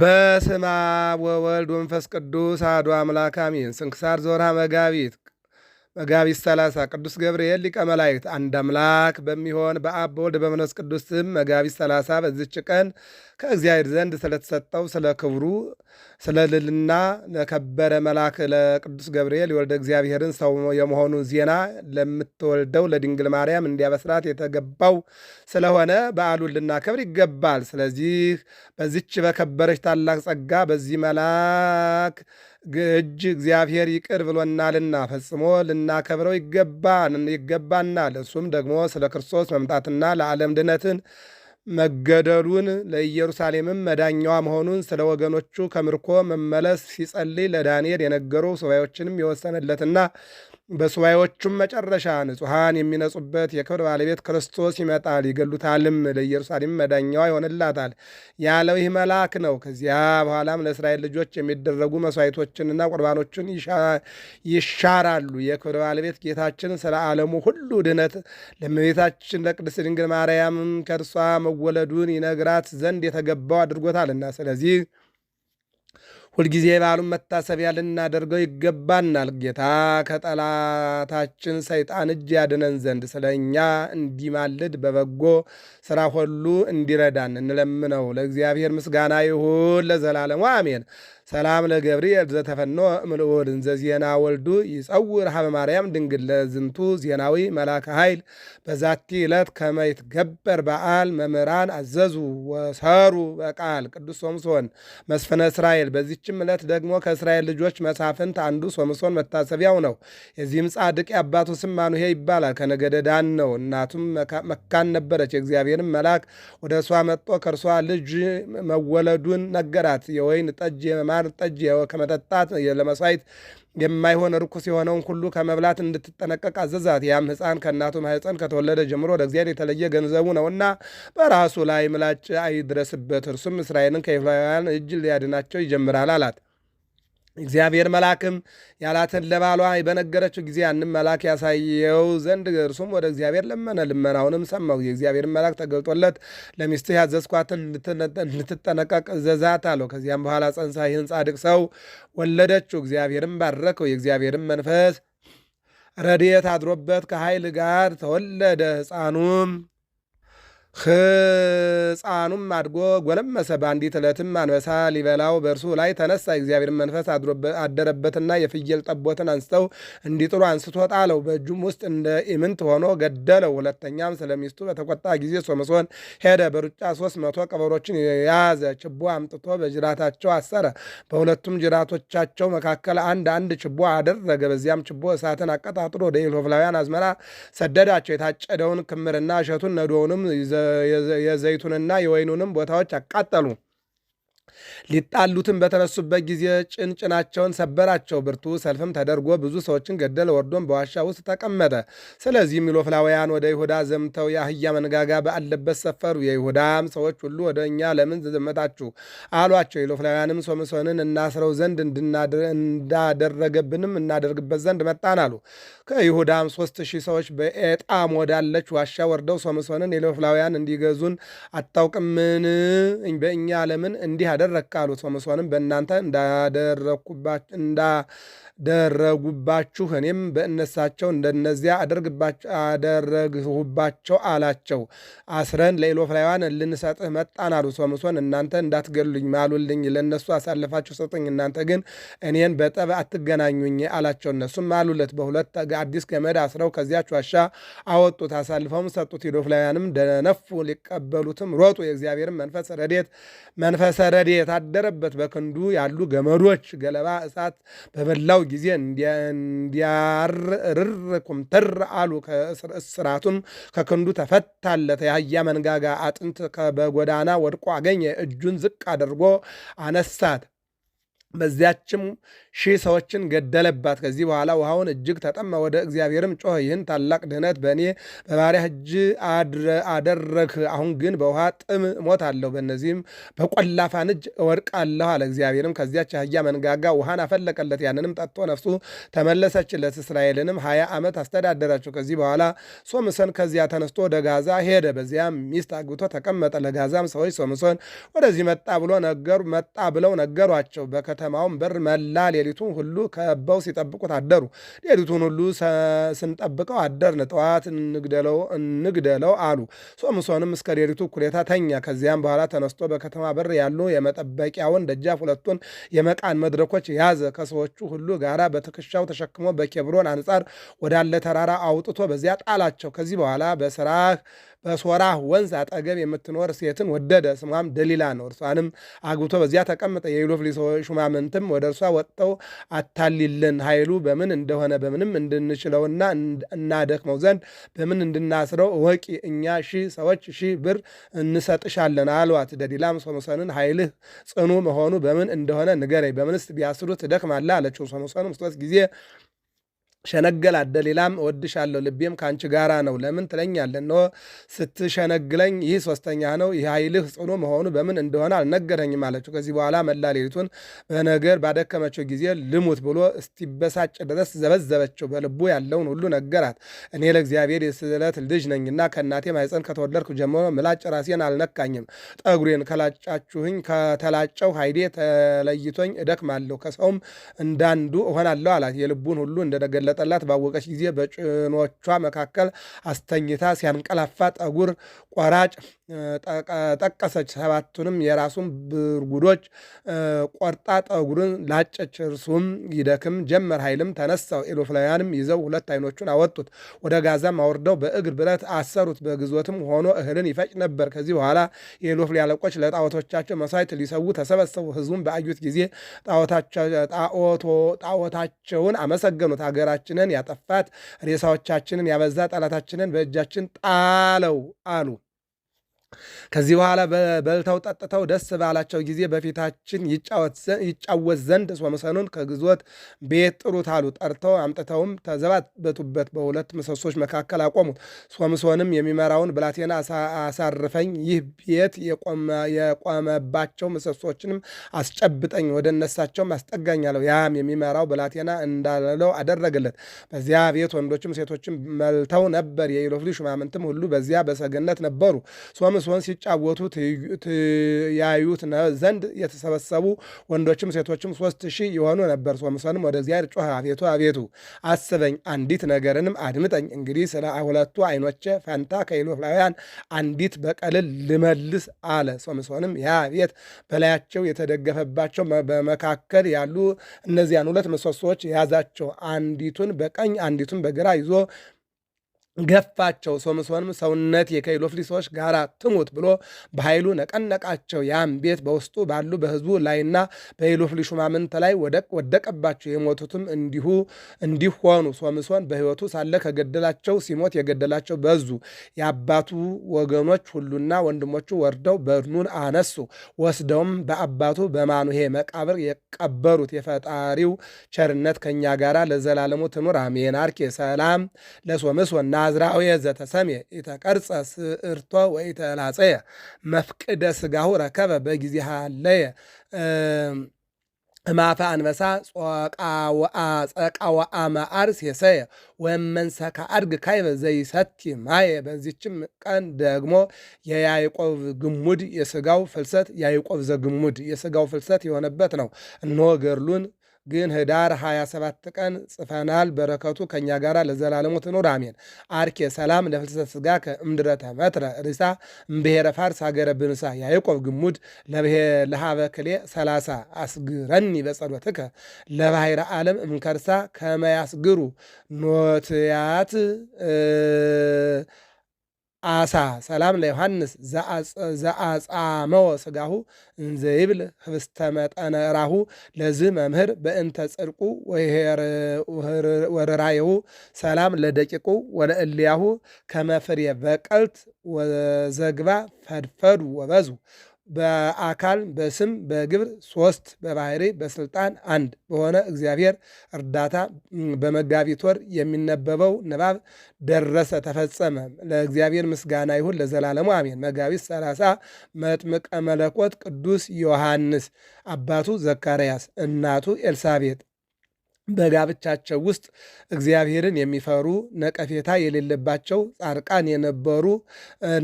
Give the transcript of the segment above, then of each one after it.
በስመ አብ ወወልድ ወመንፈስ ቅዱስ አሐዱ አምላክ አሜን። ስንክሳር ዞራ መጋቢት መጋቢት 30 ቅዱስ ገብርኤል ሊቀ መላእክት አንድ አምላክ በሚሆን በአብ በወልድ በመንፈስ ቅዱስ ስም መጋቢት 30 በዚች ቀን ከእግዚአብሔር ዘንድ ስለተሰጠው ስለ ክብሩ ስለ ልልና ለከበረ መልአክ ለቅዱስ ገብርኤል የወልደ እግዚአብሔርን ሰው የመሆኑ ዜና ለምትወልደው ለድንግል ማርያም እንዲያበስራት የተገባው ስለሆነ በዓሉን ልናከብር ይገባል። ስለዚህ በዚች በከበረች ታላቅ ጸጋ በዚህ መልአክ እጅ እግዚአብሔር ይቅር ብሎናልና ፈጽሞ ልናከብረው ይገባናል። እሱም ደግሞ ስለ ክርስቶስ መምጣትና ለዓለም ድነትን መገደሉን ለኢየሩሳሌምም መዳኛዋ መሆኑን ስለ ወገኖቹ ከምርኮ መመለስ ሲጸልይ ለዳንኤል የነገሩ ሱባኤዎችንም የወሰነለትና በሱባኤዎቹም መጨረሻ ንጹሐን የሚነጹበት የክብር ባለቤት ክርስቶስ ይመጣል፣ ይገሉታልም፣ ለኢየሩሳሌም መዳኛዋ ይሆንላታል ያለው ይህ መልአክ ነው። ከዚያ በኋላም ለእስራኤል ልጆች የሚደረጉ መስዋይቶችንና ቁርባኖችን ይሻራሉ። የክብር ባለቤት ጌታችን ስለ ዓለሙ ሁሉ ድነት ለእመቤታችን ለቅድስት ድንግል ማርያም ከእርሷ መወለዱን ይነግራት ዘንድ የተገባው አድርጎታልና ስለዚህ ሁልጊዜ የበዓሉን መታሰቢያ ልናደርገው ይገባናል። ጌታ ከጠላታችን ሰይጣን እጅ ያድነን ዘንድ ስለ እኛ እንዲማልድ በበጎ ስራ ሁሉ እንዲረዳን እንለምነው። ለእግዚአብሔር ምስጋና ይሁን ለዘላለሙ አሜን። ሰላም ለገብርኤል ዘተፈኖ ምልዑል እንዘዜና ወልዱ ይጸውር ሀበ ማርያም ድንግል ለዝንቱ ዜናዊ መላከ ኃይል በዛቲ ዕለት ከመይት ገበር በዓል መምህራን አዘዙ ወሰሩ በቃል ቅዱስ ሶምሶን መስፍነ እስራኤል። በዚችም ዕለት ደግሞ ከእስራኤል ልጆች መሳፍንት አንዱ ሶምሶን መታሰቢያው ነው። የዚህም ጻድቅ የአባቱ ስም ማኑሄ ይባላል። ከነገደ ዳን ነው። እናቱም መካን ነበረች። የእግዚአብሔርም መልአክ ወደ እሷ መጥቶ ከእርሷ ልጅ መወለዱን ነገራት። የወይን ጠጅ የመማ የማር ጠጅ ከመጠጣት ለመሥዋዕት የማይሆን ርኩስ የሆነውን ሁሉ ከመብላት እንድትጠነቀቅ አዘዛት። ያም ሕፃን ከእናቱ ማኅፀን ከተወለደ ጀምሮ ለእግዚአብሔር የተለየ ገንዘቡ ነውና በራሱ ላይ ምላጭ አይድረስበት፣ እርሱም እስራኤልን ከኤፍራውያን እጅ ሊያድናቸው ይጀምራል አላት። እግዚአብሔር መልአክም ያላትን ለባሏ በነገረችው ጊዜ ያንም መልአክ ያሳየው ዘንድ እርሱም ወደ እግዚአብሔር ለመነ። ልመናውንም ሰማው። የእግዚአብሔር መልአክ ተገልጦለት ለሚስትህ ያዘዝኳትን ልትጠነቀቅ ዘዛት አለው። ከዚያም በኋላ ጸንሳ ይህን ጻድቅ ሰው ወለደችው። እግዚአብሔርም ባረከው። የእግዚአብሔርም መንፈስ ረድኤት አድሮበት ከኃይል ጋር ተወለደ። ሕፃኑም ሕፃኑም አድጎ ጎለመሰ። በአንዲት ዕለትም አንበሳ ሊበላው በእርሱ ላይ ተነሳ። እግዚአብሔር መንፈስ አደረበትና የፍየል ጠቦትን አንስተው እንዲጥሩ አንስቶ ጣለው። በእጁም ውስጥ እንደ ኢምንት ሆኖ ገደለው። ሁለተኛም ስለ ሚስቱ በተቆጣ ጊዜ ሶምሶን ሄደ። በሩጫ ሶስት መቶ ቀበሮችን የያዘ ችቦ አምጥቶ በጅራታቸው አሰረ። በሁለቱም ጅራቶቻቸው መካከል አንድ አንድ ችቦ አደረገ። በዚያም ችቦ እሳትን አቀጣጥሎ ወደ ኢሎፍላውያን አዝመራ ሰደዳቸው። የታጨደውን ክምርና እሸቱን ነዶውንም ይዘ የዘይቱንና የወይኑንም ቦታዎች አቃጠሉ። ሊጣሉትም በተነሱበት ጊዜ ጭንጭናቸውን ሰበራቸው። ብርቱ ሰልፍም ተደርጎ ብዙ ሰዎችን ገደለ። ወርዶም በዋሻ ውስጥ ተቀመጠ። ስለዚህም ሚሎፍላውያን ወደ ይሁዳ ዘምተው የአህያ መንጋጋ በአለበት ሰፈሩ። የይሁዳም ሰዎች ሁሉ ወደ እኛ ለምን ዘመታችሁ አሏቸው። ሚሎፍላውያንም ሶምሶንን እናስረው ዘንድ እንዳደረገብንም እናደርግበት ዘንድ መጣን አሉ። ከይሁዳም ሶስት ሺህ ሰዎች በኤጣም ወዳለች ዋሻ ወርደው ሶምሶንን ሚሎፍላውያን እንዲገዙን አታውቅምን? በእኛ ለምን እንዲህ አደረግክ አሉት። ሶምሶንም በእናንተ እንዳደረጉባችሁ እኔም በእነሳቸው እንደነዚያ አደረግሁባቸው አላቸው። አስረን ለኢሎፍላውያን ልንሰጥህ መጣን አሉት። ሶምሶን እናንተ እንዳትገሉኝ ማሉልኝ፣ ለእነሱ አሳልፋችሁ ሰጡኝ፣ እናንተ ግን እኔን በጠብ አትገናኙኝ አላቸው። እነሱም አሉለት፣ በሁለት አዲስ ገመድ አስረው ከዚያች ዋሻ አወጡት፣ አሳልፈውም ሰጡት። ኢሎፍላውያንም ደነፉ፣ ሊቀበሉትም ሮጡ። የእግዚአብሔርም መንፈስ ረዴት መንፈሰ ገመድ የታደረበት በክንዱ ያሉ ገመዶች ገለባ እሳት በበላው ጊዜ እንዲያርር ኩምትር አሉ። እስራቱም ከክንዱ ተፈታለት። የአህያ መንጋጋ አጥንት በጎዳና ወድቆ አገኘ። እጁን ዝቅ አድርጎ አነሳት። በዚያችም ሺህ ሰዎችን ገደለባት። ከዚህ በኋላ ውሃውን እጅግ ተጠማ። ወደ እግዚአብሔርም ጮኸ፣ ይህን ታላቅ ድህነት በእኔ በባሪያህ እጅ አደረግህ። አሁን ግን በውሃ ጥም እሞታለሁ፣ በእነዚህም በቆላፋን እጅ እወድቃለሁ አለ። እግዚአብሔርም ከዚያች አህያ መንጋጋ ውሃን አፈለቀለት፣ ያንንም ጠጥቶ ነፍሱ ተመለሰችለት። እስራኤልንም ሀያ ዓመት አስተዳደራቸው። ከዚህ በኋላ ሶምሶን ከዚያ ተነስቶ ወደ ጋዛ ሄደ። በዚያም ሚስት አግብቶ ተቀመጠ። ለጋዛም ሰዎች ሶምሶን ወደዚህ መጣ ብሎ ነገሩ መጣ ብለው ነገሯቸው። በከተማውም በር መላል ሌሊቱን ሁሉ ከበው ሲጠብቁት አደሩ። ሌሊቱን ሁሉ ስንጠብቀው አደርን። ጠዋት እንግደለው እንግደለው አሉ። ሶምሶንም እስከ ሌሊቱ እኩሌታ ተኛ። ከዚያም በኋላ ተነስቶ በከተማ በር ያሉ የመጠበቂያውን ደጃፍ ሁለቱን የመቃን መድረኮች ያዘ። ከሰዎቹ ሁሉ ጋራ በትከሻው ተሸክሞ በኬብሮን አንጻር ወዳለ ተራራ አውጥቶ በዚያ ጣላቸው። ከዚህ በኋላ በስራህ በሶራህ ወንዝ አጠገብ የምትኖር ሴትን ወደደ። ስሟም ደሊላ ነው። እርሷንም አግብቶ በዚያ ተቀምጠ የኢሎፍሊ ሹማምንትም ወደ እርሷ ወጥተው ሰው አታሊለን ኃይሉ በምን እንደሆነ በምንም እንድንችለውና እናደክመው ዘንድ በምን እንድናስረው እወቂ፣ እኛ ሺህ ሰዎች ሺህ ብር እንሰጥሻለን አሏት። ደዲላም ሶምሶንን ኃይልህ ጽኑ መሆኑ በምን እንደሆነ ንገረኝ፣ በምንስ ቢያስሩት ትደክማለህ አለችው። ሶምሶንም ሦስት ጊዜ አደ ሌላም እወድሻለሁ ልቤም ከአንቺ ጋራ ነው ለምን ትለኛለህ? እነሆ ስትሸነግለኝ ይህ ሶስተኛ ነው። ይህ ኃይልህ ጽኑ መሆኑ በምን እንደሆነ አልነገረኝም አለችው። ከዚህ በኋላ መላ ሌሊቱን በነገር ባደከመችው ጊዜ ልሙት ብሎ እስቲበሳጭ ድረስ ዘበዘበችው። በልቡ ያለውን ሁሉ ነገራት። እኔ ለእግዚአብሔር የስለት ልጅ ነኝና ከእናቴ ማይፀን ከተወለድኩ ጀምሮ ምላጭ ራሴን አልነካኝም። ጠጉሬን ከላጫችሁኝ ከተላጨው ኃይሌ ተለይቶኝ እደክማለሁ፣ ከሰውም እንዳንዱ እሆናለሁ አላት። የልቡን ሁሉ እንደነገለ እንዳመለጠላት ባወቀች ጊዜ በጭኖቿ መካከል አስተኝታ ሲያንቀላፋ ጠጉር ቆራጭ ጠቀሰች። ሰባቱንም የራሱን ብርጉዶች ቆርጣ ጠጉሩን ላጨች። እርሱም ይደክም ጀመር፣ ኃይልም ተነሳው። ኤሎፍላውያንም ይዘው ሁለት ዓይኖቹን አወጡት፣ ወደ ጋዛም አውርደው በእግር ብረት አሰሩት። በግዞትም ሆኖ እህልን ይፈጭ ነበር። ከዚህ በኋላ የኤሎፍሊ አለቆች ለጣዖቶቻቸው መሥዋዕት ሊሰዉ ተሰበሰቡ። ህዝቡም በአዩት ጊዜ ጣዖታቸውን አመሰገኑት። ሀገራችንን ያጠፋት ሬሳዎቻችንን ያበዛ ጠላታችንን በእጃችን ጣለው አሉ። ከዚህ በኋላ በልተው ጠጥተው ደስ ባላቸው ጊዜ በፊታችን ይጫወት ዘንድ ሶምሶንን ከግዞት ቤት ጥሩት አሉ። ጠርተው አምጥተውም ተዘባበቱበት፣ በሁለት ምሰሶች መካከል አቆሙት። ሶምሶንም የሚመራውን ብላቴና አሳርፈኝ፣ ይህ ቤት የቆመባቸው ምሰሶችንም አስጨብጠኝ፣ ወደ እነሳቸውም አስጠጋኝ አለው። ያም የሚመራው ብላቴና እንዳለው አደረገለት። በዚያ ቤት ወንዶችም ሴቶችም መልተው ነበር። የኢሎፍሊ ሹማምንትም ሁሉ በዚያ በሰገነት ነበሩ። ብሶን ሲጫወቱ ያዩት ዘንድ የተሰበሰቡ ወንዶችም ሴቶችም ሶስት ሺህ የሆኑ ነበር። ሶምሶንም ወደ እግዚአብሔር ጮኸ፣ አቤቱ አቤቱ አስበኝ፣ አንዲት ነገርንም አድምጠኝ። እንግዲህ ስለ ሁለቱ ዓይኖቼ ፈንታ ከኢሎፍላውያን አንዲት በቀልን ልመልስ አለ። ሶምሶንም ያ ቤት በላያቸው የተደገፈባቸው በመካከል ያሉ እነዚያን ሁለት ምሰሶዎች የያዛቸው አንዲቱን በቀኝ አንዲቱን በግራ ይዞ ገፋቸው። ሶምሶንም ሰውነቴ ፍሊሶች ጋር ትሙት ብሎ በኃይሉ ነቀነቃቸው። ያም ቤት በውስጡ ባሉ በህዝቡ ላይና በኢሎፍሊ ሹማምንት ላይ ወደቀባቸው። የሞቱትም እንዲሁ እንዲህ ሆኑ። ሶምሶን በህይወቱ ሳለ ከገደላቸው ሲሞት የገደላቸው በዙ። የአባቱ ወገኖች ሁሉና ወንድሞቹ ወርደው በድኑን አነሱ። ወስደውም በአባቱ በማኑሄ መቃብር የቀበሩት። የፈጣሪው ቸርነት ከእኛ ጋር ለዘላለሙ ትኑር አሜን። አርኬ ሰላም ለሶምሶን ናዝራዊ ዘተሰሜ ኢተቀርፀ ስእርቶ ወኢተላፀየ መፍቅደ ስጋሁ ረከበ በጊዜ ሃለየ ማፈ አንበሳ ጸቃወአ መዓር ሴሰየ ወመንሰካ አድግ ካይበ ዘይሰቲ ማየ። በዚችም ቀን ደግሞ የያይቆብ ግሙድ የስጋው ፍልሰት ያይቆብ ዘግሙድ የስጋው ፍልሰት የሆነበት ነው። እንሆ ገድሉን ግን ህዳር 27 ቀን ጽፈናል። በረከቱ ከእኛ ጋር ለዘላለሙ ትኑር አሜን። አርኬ ሰላም ለፍልሰ ስጋ ከእምድረ መትረ ርሳ እምብሔረ ፋርስ ሀገረ ብንሳ ያዕቆብ ግሙድ ለሃበ ክሌ ሰላሳ አስግረኒ በጸሎትከ ለባሕረ ዓለም እምከርሳ ከመያስግሩ ኖትያት አሳ ሰላም ለዮሐንስ ዘአጻመወ ስጋሁ እንዘይብል ህብስተ መጠነ ራሁ ለዚህ መምህር በእንተ ጽድቁ ወርራየሁ ሰላም ለደቂቁ ወለእልያሁ ከመፍሬ በቀልት ወዘግባ ፈድፈዱ ወበዙ በአካል በስም በግብር ሶስት በባህሪ በስልጣን አንድ በሆነ እግዚአብሔር እርዳታ በመጋቢት ወር የሚነበበው ንባብ ደረሰ ተፈጸመ። ለእግዚአብሔር ምስጋና ይሁን ለዘላለሙ አሜን። መጋቢት 30 መጥምቀ መለኮት ቅዱስ ዮሐንስ አባቱ ዘካርያስ እናቱ ኤልሳቤጥ በጋብቻቸው ውስጥ እግዚአብሔርን የሚፈሩ ነቀፌታ የሌለባቸው ጻድቃን የነበሩ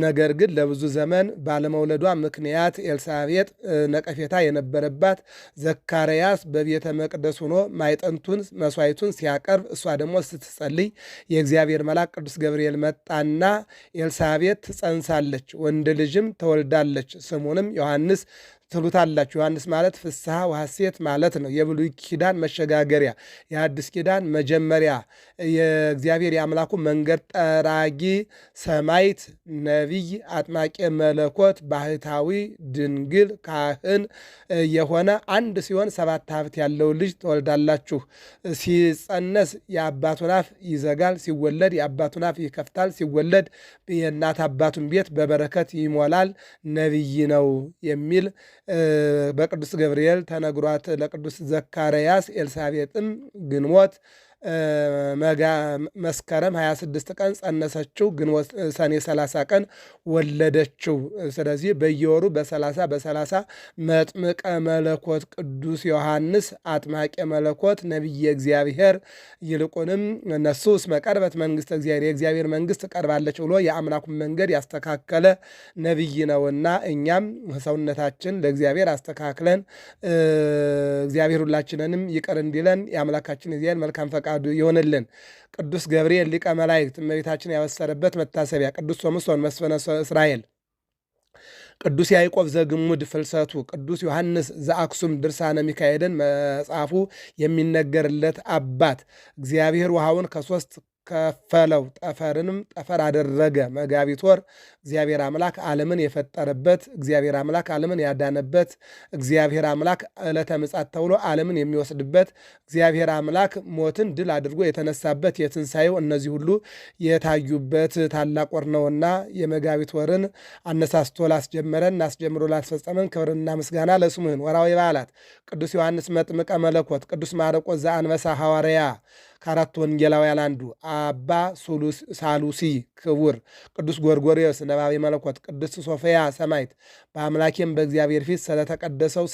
ነገር ግን ለብዙ ዘመን ባለመውለዷ ምክንያት ኤልሳቤጥ ነቀፌታ የነበረባት፣ ዘካርያስ በቤተ መቅደስ ሆኖ ማይጠንቱን መስዋዕቱን ሲያቀርብ እሷ ደግሞ ስትጸልይ የእግዚአብሔር መልአክ ቅዱስ ገብርኤል መጣና ኤልሳቤጥ ትጸንሳለች፣ ወንድ ልጅም ተወልዳለች፣ ስሙንም ዮሐንስ ትሉታላችሁ። ዮሐንስ ማለት ፍስሐ ወሐሴት ማለት ነው። የብሉይ ኪዳን መሸጋገሪያ፣ የአዲስ ኪዳን መጀመሪያ፣ የእግዚአብሔር የአምላኩ መንገድ ጠራጊ ሰማይት፣ ነቢይ፣ አጥማቂ መለኮት፣ ባህታዊ፣ ድንግል፣ ካህን የሆነ አንድ ሲሆን ሰባት ሀብት ያለው ልጅ ትወልዳላችሁ። ሲጸነስ የአባቱን አፍ ይዘጋል፣ ሲወለድ የአባቱን አፍ ይከፍታል። ሲወለድ የእናት አባቱን ቤት በበረከት ይሞላል። ነቢይ ነው የሚል በቅዱስ ገብርኤል ተነግሯት ለቅዱስ ዘካርያስ ኤልሳቤጥን ግንቦት መስከረም 26 ቀን ጸነሰችው፣ ግን ሰኔ 30 ቀን ወለደችው። ስለዚህ በየወሩ በ30 በ30 መጥምቀ መለኮት ቅዱስ ዮሐንስ አጥማቂ መለኮት ነቢየ እግዚአብሔር ይልቁንም እነሱ እስመ ቀርበት መንግስት እግዚአብሔር የእግዚአብሔር መንግስት ቀርባለች ብሎ የአምላኩን መንገድ ያስተካከለ ነቢይ ነውና እኛም ሰውነታችን ለእግዚአብሔር አስተካክለን እግዚአብሔር ሁላችንንም ይቅር እንዲለን የአምላካችን እግዚአብሔር መልካም ፈቃድ ፈቃዱ ይሆንልን። ቅዱስ ገብርኤል ሊቀ መላእክት እመቤታችን ያበሰረበት መታሰቢያ፣ ቅዱስ ሶምሶን መስፈነ እስራኤል፣ ቅዱስ ያዕቆብ ዘግሙድ ፍልሰቱ፣ ቅዱስ ዮሐንስ ዘአክሱም ድርሳነ ሚካኤልን መጽሐፉ የሚነገርለት አባት እግዚአብሔር ውሃውን ከሶስት ከፈለው ጠፈርንም ጠፈር አደረገ። መጋቢት ወር እግዚአብሔር አምላክ ዓለምን የፈጠረበት እግዚአብሔር አምላክ ዓለምን ያዳነበት እግዚአብሔር አምላክ ዕለተ ምጽአት ተብሎ ዓለምን የሚወስድበት እግዚአብሔር አምላክ ሞትን ድል አድርጎ የተነሳበት የትንሣኤው እነዚህ ሁሉ የታዩበት ታላቅ ወር ነውና የመጋቢት ወርን አነሳስቶ ላስጀመረን አስጀምሮ ላስፈጸመን ክብርና ምስጋና ለስሙህን። ወራዊ በዓላት ቅዱስ ዮሐንስ መጥምቀ መለኮት፣ ቅዱስ ማርቆስ ዘአንበሳ ሐዋርያ ከአራት ወንጌላውያን አንዱ አባ ሳሉሲ ክቡር፣ ቅዱስ ጎርጎሪዎስ ነባቤ መለኮት፣ ቅዱስ ሶፊያ ሰማይት በአምላኬም በእግዚአብሔር ፊት ስለተቀደሰው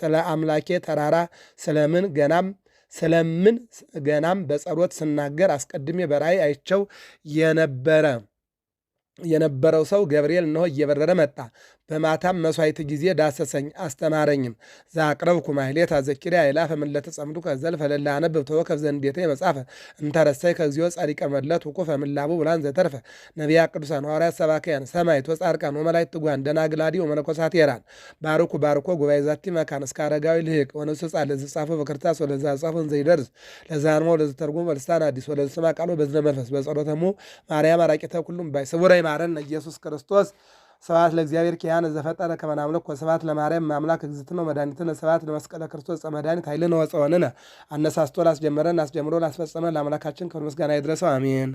ስለ አምላኬ ተራራ ስለምን ገናም ስለምን ገናም በጸሎት ስናገር አስቀድሜ በራእይ አይቸው የነበረ የነበረው ሰው ገብርኤል እነሆ እየበረረ መጣ። በማታም መሥዋዕት ጊዜ ዳሰሰኝ አስተማረኝም። ዛቅረብኩ ማሕሌተ ዘኪርያ ይላፈ ምለተ ጸምዱ ከዘልፈ ለእለ አነብብ ተወከፍ ዘንዴተ የመጻፈ እንተረሳይ ከእግዚኦ ጻዲቀ መለት ውቁፈ እምላቡ ብላን ዘተርፈ ነቢያ ቅዱሳን ሐዋርያት ሰባክያን ሰማይት ወጻድቃን ወመላይት ትጓን ደናግላዲ አዲ ወመነኮሳት የራን ባርኩ ባርኮ ጉባኤ ዛቲ መካን እስከ አረጋዊ ልህቅ ወነሱ ጻ ዝጻፎ በክርታስ ወለዛ ጻፎ ዘይደርስ ለዛንሞ ለዘተርጉም በልሳን አዲስ ወለዝስማ ቃሎ በዝነ መንፈስ በጸሎተሙ ማርያም አራቂተ ሁሉም ባይ ስቡረ ይማረን ኢየሱስ ክርስቶስ ስብሐት ለእግዚአብሔር ኪያነ ዘፈጠረ ከመ ናምልኮ ወስብሐት ለማርያም ማምላክ እግዝእትነ ወመድኃኒትነ ስብሐት ለመስቀለ ክርስቶስ ጸ መድኃኒት ኃይልነ ወፀወንነ። አነሳስቶ ላስጀመረን አስጀምሮ ላስፈጸመን ለአምላካችን ክብር ምስጋና ይድረሰው፣ አሜን።